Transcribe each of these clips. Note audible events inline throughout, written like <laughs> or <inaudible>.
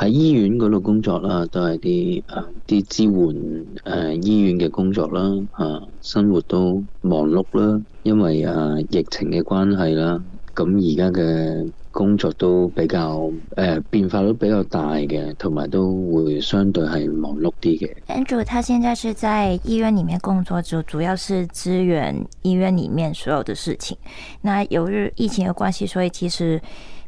喺醫院嗰度工作啦，都係啲誒啲支援誒醫院嘅工作啦，吓生活都忙碌啦，因為誒疫情嘅關係啦，咁而家嘅工作都比較誒變化都比較大嘅，同埋都會相對係忙碌啲嘅。Andrew，他現在是在醫院裡面工作，就主要是支援醫院裡面所有的事情。那由於疫情嘅關係，所以其實。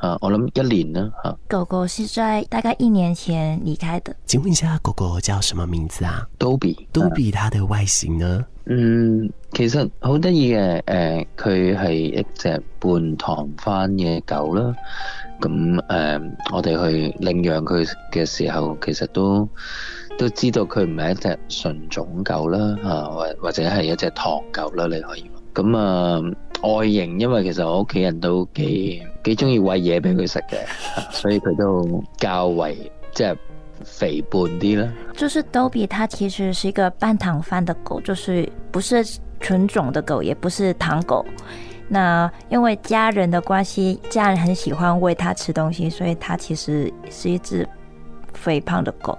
啊，我諗一年啦，吓。狗狗是在大概一年前離開的。請問一下，狗狗叫什麼名字啊？都比，都比，Dobby，它的外型呢？嗯，其實好得意嘅。誒、呃，佢係一隻半唐番嘅狗啦。咁誒、呃，我哋去領養佢嘅時候，其實都都知道佢唔係一隻純種狗啦，吓，或或者係一隻唐狗啦，你可以。咁、嗯、啊，外形，因為其實我屋企人都幾幾鍾意餵嘢俾佢食嘅， <laughs> 所以佢都較為即係肥胖啲啦。就是 Dobby，它其實是一個半唐番的狗，就是不是純種的狗，也不是唐狗。那因為家人的關係，家人很喜歡餵它吃東西，所以它其實是一隻肥胖的狗。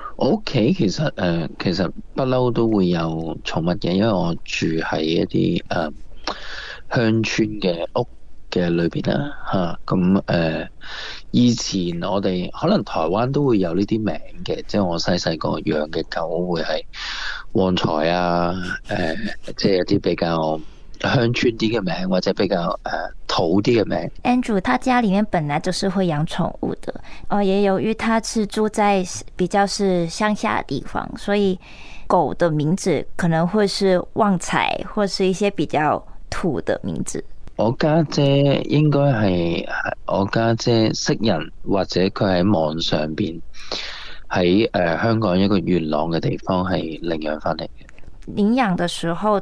我屋企其實誒、呃，其實不嬲都會有寵物嘅，因為我住喺一啲誒鄉村嘅屋嘅裏邊啦嚇。咁、啊、誒、呃，以前我哋可能台灣都會有呢啲名嘅，即係我細細個養嘅狗會係旺財啊，誒、呃，即、就、係、是、一啲比較。鄉村啲嘅名或者比較誒土啲嘅名。Andrew，他家裡面本來就是會養寵物的，哦,也由於他是住在比較是鄉下地方,所以狗的名字可能會是旺財或是一些比較土的名字。我家姐應該係我家姐識人，或者佢喺網上邊喺誒香港一個元朗嘅地方係領養翻嚟嘅。領養嘅時候。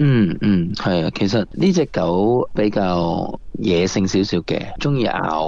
嗯嗯，係、嗯、啊，其實呢隻狗比較野性少少嘅，中意咬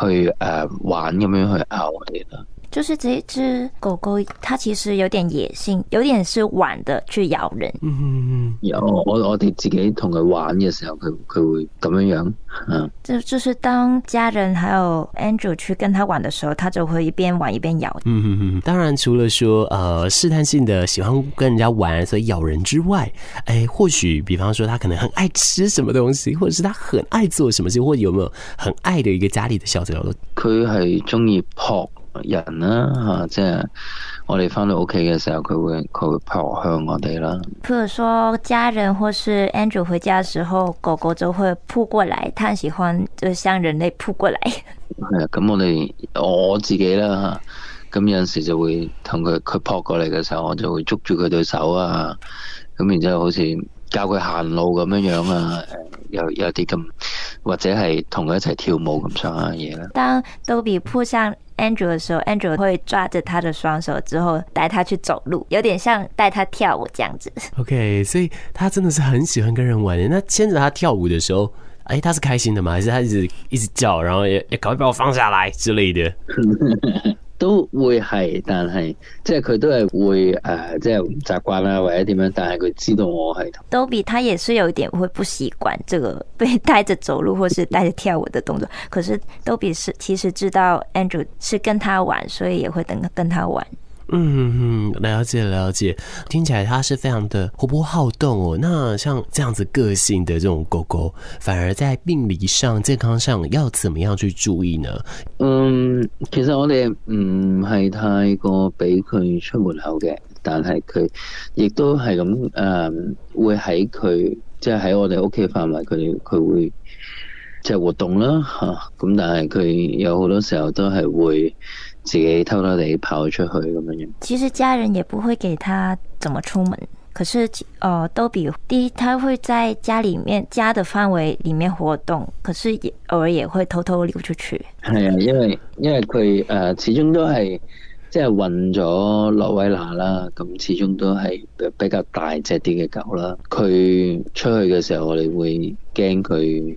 去玩，去誒玩咁樣去咬我哋啦。就是這隻狗狗，它其實有點野性，有點是玩的去咬人。嗯嗯嗯，有我我哋自己同佢玩嘅時候，佢佢會咁樣樣。嗯，就就是當家人還有 Andrew 去跟他玩的時候，他就會一邊玩一邊咬。嗯嗯嗯，當然除了說，誒、呃、試探性的喜歡跟人家玩，所以咬人之外，誒、哎、或許，比方說，他可能很愛吃什麼東西，或者是他很愛做什麼事，或者有沒有很愛的一個家裏的小角落。佢係中意撲。人啦、啊、吓、啊，即係我哋翻到屋企嘅時候，佢會佢會撲向我哋啦。譬如說，家人或是 Andrew 回家嘅時候，狗狗就會撲過來，他喜歡就向人類撲過來。係、嗯、啊，咁、 <laughs> 嗯嗯、我哋我自己啦咁、啊、有陣時就會同佢佢撲過嚟嘅時候，我就會捉住佢對手啊，咁、啊、然之後好似教佢行路咁樣樣啊，有有啲咁。或者係同佢一齊跳舞咁上下嘢啦。當多比撲上 Andrew 的時候，Andrew 會抓着他的雙手之後帶他去走路，有點像帶他跳舞這樣子。OK，所以他真的是很喜歡跟人玩嘅。那牽着他跳舞的時候，哎，他是開心的嘛，還是他一直一直叫，然後也也趕快把我放下來之類的。 <laughs> 會係，但係即係佢都係會誒，即係唔習慣啦，或者點樣。但係佢知道我係。多比，他也是有一點會不習慣，這個被帶着走路，或是帶着跳舞的動作。可是多比是其實知道 Andrew 是跟他玩，所以也會等跟他玩。嗯，嗯，了解了解，聽起來它是非常的活潑好動哦。那像這樣子個性的這種狗狗，反而在病理上、健康上要怎麼樣去注意呢？嗯，其實我哋唔係太過俾佢出門口嘅，但係佢亦都係咁誒，會喺佢即係喺我哋屋企範圍，佢佢會即係、就是、活動啦吓。咁、啊、但係佢有好多時候都係會。自己偷偷地跑出去咁樣樣，其實家人也不會給他怎麼出門，可是，呃，多比他會在家裡面家的範圍裡面活動，可是也偶爾也會偷偷溜出去。係啊，因為因為佢誒、呃、始終都係即係混咗羅威納啦，咁始終都係比較大隻啲嘅狗啦，佢出去嘅時候，我哋會驚佢。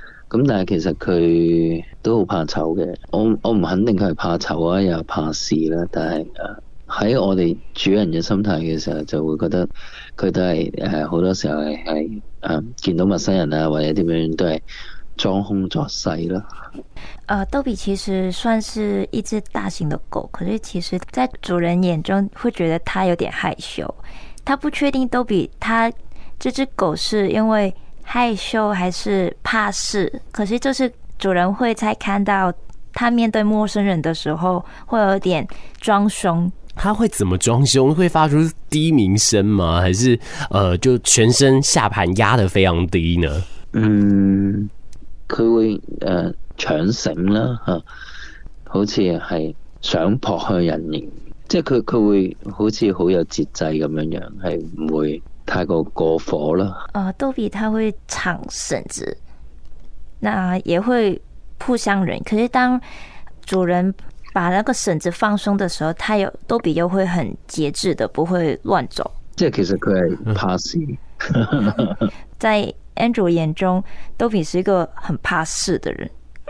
咁但係其實佢都好怕醜嘅，我我唔肯定佢係怕醜啊，又怕事啦。但係喺我哋主人嘅心態嘅時候，就會覺得佢都係誒好多時候係誒、嗯、見到陌生人啊，或者點樣都係裝腔作勢啦。誒、呃，多比其實算是一隻大型嘅狗，可是其實在主人眼中會覺得它有點害羞。他不確定多比，他這隻狗，是因為。害羞還是怕事，可是就是主人會在看到他面對陌生人的時候，會有點裝兇。他會怎麼裝兇？會發出低鳴聲嗎？還是，呃，就全身下盤壓得非常低呢？嗯，佢會誒、呃、搶繩啦吓、啊，好似係想撲去人形，即係佢佢會好似好有節制咁樣樣，係唔會。太過過火了。啊、呃，多比他會搶繩子，那也會撲向人。可是當主人把那個繩子放鬆的時候，他又多比又會很節制的，不會亂走。即係其實佢係怕事。在 Andrew 眼中，多比是一個很怕事的人。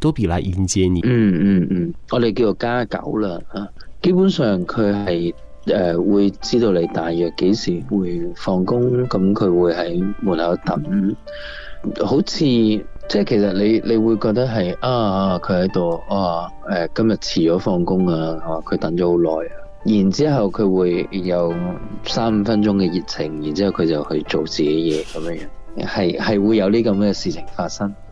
都俾來迎接你，嗯。嗯嗯嗯，我哋叫做家狗啦，基本上佢係誒會知道你大約幾時會放工，咁佢會喺門口等。好似即係其實你你會覺得係啊，佢喺度啊，誒今日遲咗放工啊，佢，啊呃啊啊，等咗好耐啊。然之後佢會有三五分鐘嘅熱情，然之後佢就去做自己嘢咁樣樣，係，係會有呢咁嘅事情發生。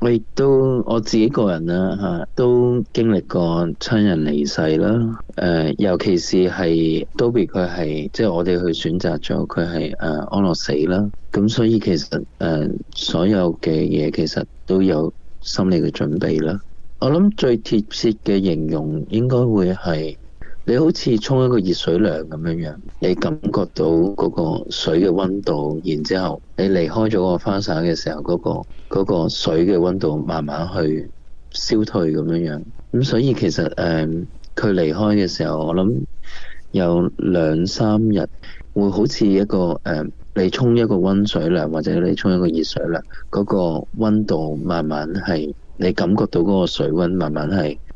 我亦都我自己個人啦、啊、嚇，都經歷過親人離世啦。誒、呃，尤其是係多比他是，佢係，即係我哋去選擇咗佢係誒安樂死啦。咁所以其實誒、呃、所有嘅嘢其實都有心理嘅準備啦。我諗最貼切嘅形容應該會係，你好似沖一個熱水涼咁樣樣，你感覺到嗰個水嘅溫度，然之後你離開咗個花灑嘅時候，嗰、嗰個、嗰個水嘅溫度慢慢去消退咁樣樣。咁所以其實誒，佢、嗯、離開嘅時候，我諗有兩三日會好似一個誒、嗯，你沖一個溫水涼或者你沖一個熱水涼，嗰、嗰個溫度慢慢係你感覺到嗰個水溫慢慢係。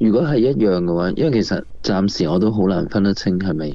如果係一樣嘅話，因為其實暫時我都好難分得清係咪。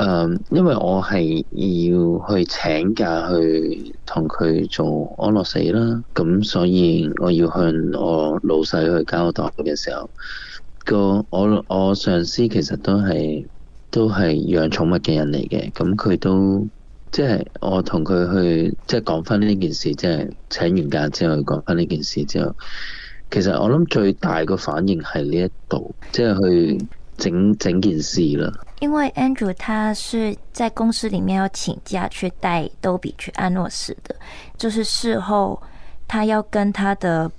誒、嗯，因為我係要去請假去同佢做安樂死啦，咁所以我要向我老細去交代嘅時候，嗰個我我上司其實都係都係養寵物嘅人嚟嘅，咁佢都即係我同佢去即係講返呢件事，即係請完假之後去講返呢件事之後，其實我諗最大個反應係呢一度，即係去整整件事啦。因為 Andrew 他是在公司裏面要請假去帶多比去安樂死的，就是事後他要跟他的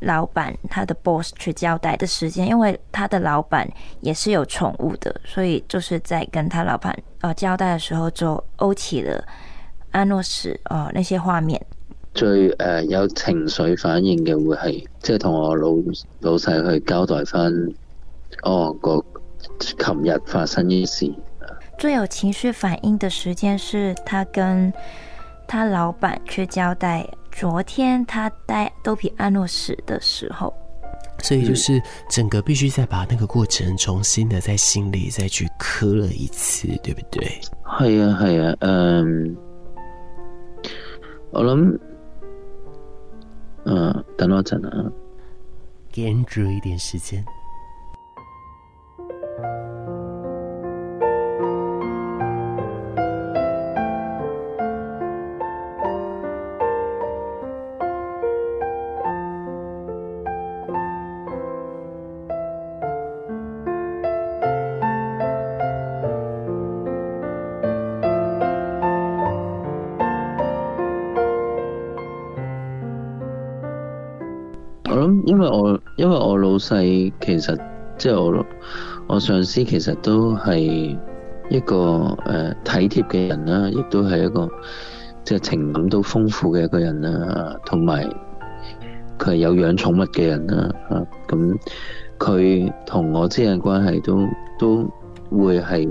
老闆他的 boss 去交代的時間，因為他的老闆也是有寵物的，所以就是在跟他老闆交代的時候就勾起了安樂死哦那些畫面。最誒有情緒反應嘅會係即係同我老老細去交代翻哦、那個。琴日發生一事，最有情緒反應的時間是，他跟他老闆去交代昨天他帶多比安樂死的時候，嗯，所以就是整個必須再把那個過程重新的在心裏再去磕了一次，對不對？係啊係啊，嗯，我諗，嗯、啊，等我陣啊，堅持一點時間。因為我因為我老細其實即係我我上司其實都係一個誒、呃、體貼嘅人啦，亦都係一個即係情感都豐富嘅一個人啦，同埋佢係有養寵物嘅人啦，嚇咁佢同我之間關係都都會係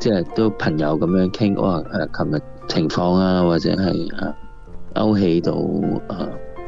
即係都朋友咁樣傾，哇誒，琴日情況啊，或者係啊勾起到啊。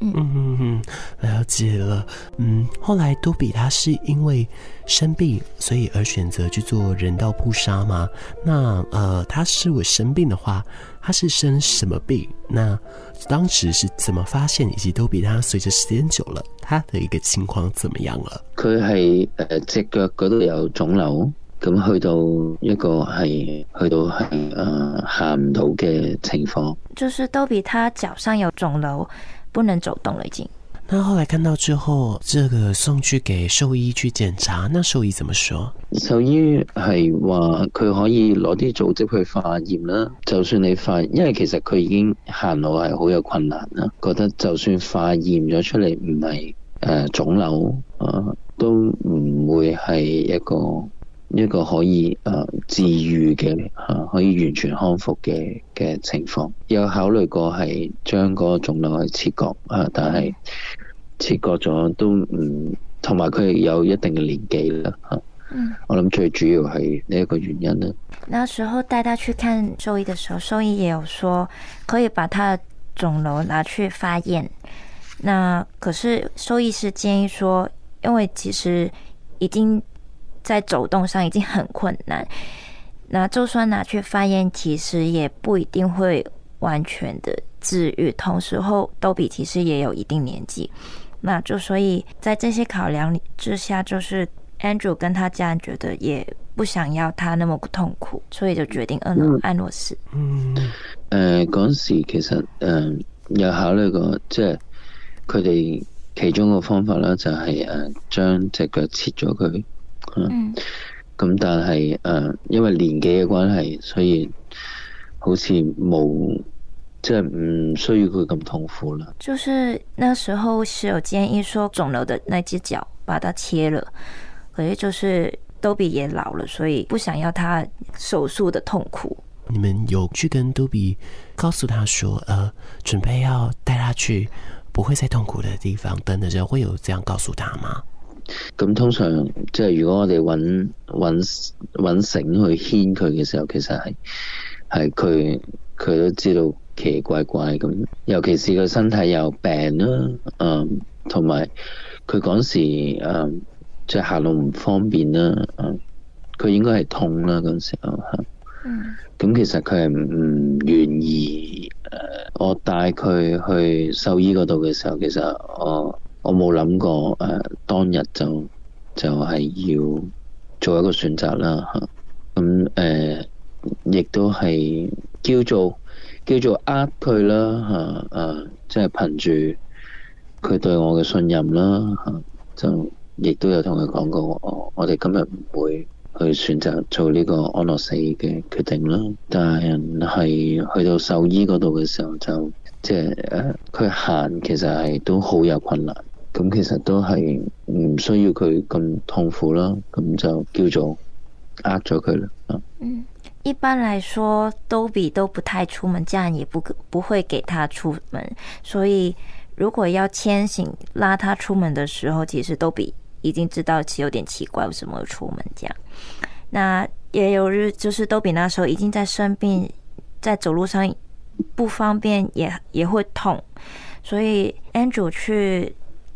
嗯哼哼，了解了。嗯，後來多比他是因為生病，所以而選擇去做人道撲殺嘛。那呃，他是為生病的話，他是生什麼病？那當時是怎麼發現？以及多比他隨着時間久了，他的一個情況怎麼樣了？佢係誒隻腳嗰度有腫瘤，咁去到一個係去到係誒行唔到嘅情況，就是多比他腳上有腫瘤。不能走動了已經。那後來看到之後，這個送去給獸醫去檢查，那獸醫怎麼說？獸醫係話佢可以攞啲組織去化驗啦。就算你化，因為其實佢已經行路係好有困難啦，覺得就算化驗咗出嚟唔係誒腫瘤啊，都唔會係一個。一個可以誒、呃、治癒嘅嚇、啊，可以完全康復嘅嘅情況，有考慮過係將個腫瘤去切割嚇、啊，但係切割咗都唔，同埋佢有一定嘅年紀啦嚇、啊，嗯。我諗最主要係呢個原因啦。那時候帶他去看獸醫嘅時候，獸醫也有說可以把他的腫瘤拿去化驗。那可是獸醫師建議說，因為其實已經。在走動上已經很困難，那就算拿去翻咽，其實也不一定會完全的治愈。同時候，多比其實也有一定年紀，那就所以在這些考量之下，就是 Andrew 跟他家人覺得也不想要他那麼痛苦，所以就決定安樂安樂死。誒、嗯，嗰、嗯呃、時其實誒、呃、有考慮過，即係佢哋其中個方法啦，就係誒將隻腳切咗佢。嗯，咁、嗯、但係誒、呃，因為年紀嘅關係，所以好似冇即係唔需要佢咁痛苦啦。就是那時候是有建議說腫瘤的那隻腳把它切了，可是就是多比也老了，所以不想要他手術的痛苦。你們有去跟多比告訴他說，誒、呃，準備要帶他去不會再痛苦的地方等等之後，會有這樣告訴他嗎？咁通常即係如果我哋揾揾揾繩去牽佢嘅時候，其實係係佢佢都知道奇奇怪怪咁，尤其是個身體又病啦、啊，嗯，同埋佢嗰時嗯即係行路唔方便啦，嗯，佢、啊、應該係痛啦、啊、嗰時候吓，嗯，咁其實佢係唔願意我帶佢去獸醫嗰度嘅時候，其實我。我冇諗過誒、呃，當日就就係、是、要做一個選擇啦吓。咁、啊、誒、亦、啊、都係叫做叫做呃佢啦吓，即係憑住佢對我嘅信任啦吓、啊，就亦都有同佢講過，我哋今日唔會去選擇做呢個安樂死嘅決定啦。但係去到獸醫嗰度嘅時候就，就即係佢行其實係都好有困難。咁其實都係唔需要佢咁痛苦啦，咁就叫做呃咗佢啦。嗯，一般來說，多比都不太出門，這樣也不不會給他出門，所以如果要牽繩拉他出門的時候，其實多比已經知道奇有點奇怪，為什麼會出門？這樣，那也有日就是多比那時候已經在生病，在走路上不方便，也也會痛，所以 Andrew 去。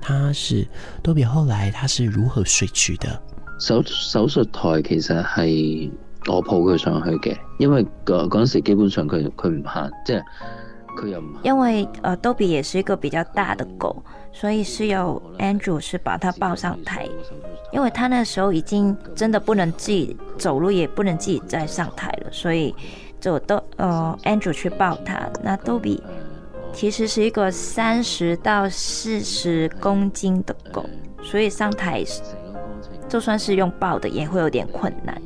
他是多比，後來他是如何睡去的？手手術台其實係我抱佢上去嘅，因為嗰嗰陣時基本上佢佢唔行，即係佢又唔因為呃，多比也是一個比較大的狗，所以是由 Andrew 是把他抱上台，因為他那時候已經真的不能自己走路，也不能自己再上台了，所以就都呃 Andrew 去抱他，那多比。其實是一個三十到四十公斤的狗，所以上台就算是用抱的也會有點困難。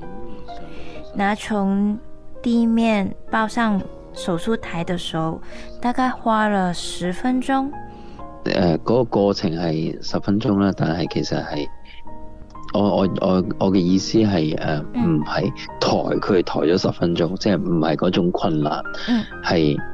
拿從地面抱上手術台的時候，大概花了十分鐘。嗰、呃那個過程係十分鐘啦，但係其實係我我我我嘅意思係誒唔係抬佢抬咗十分鐘，即係唔係嗰種困難，係、嗯。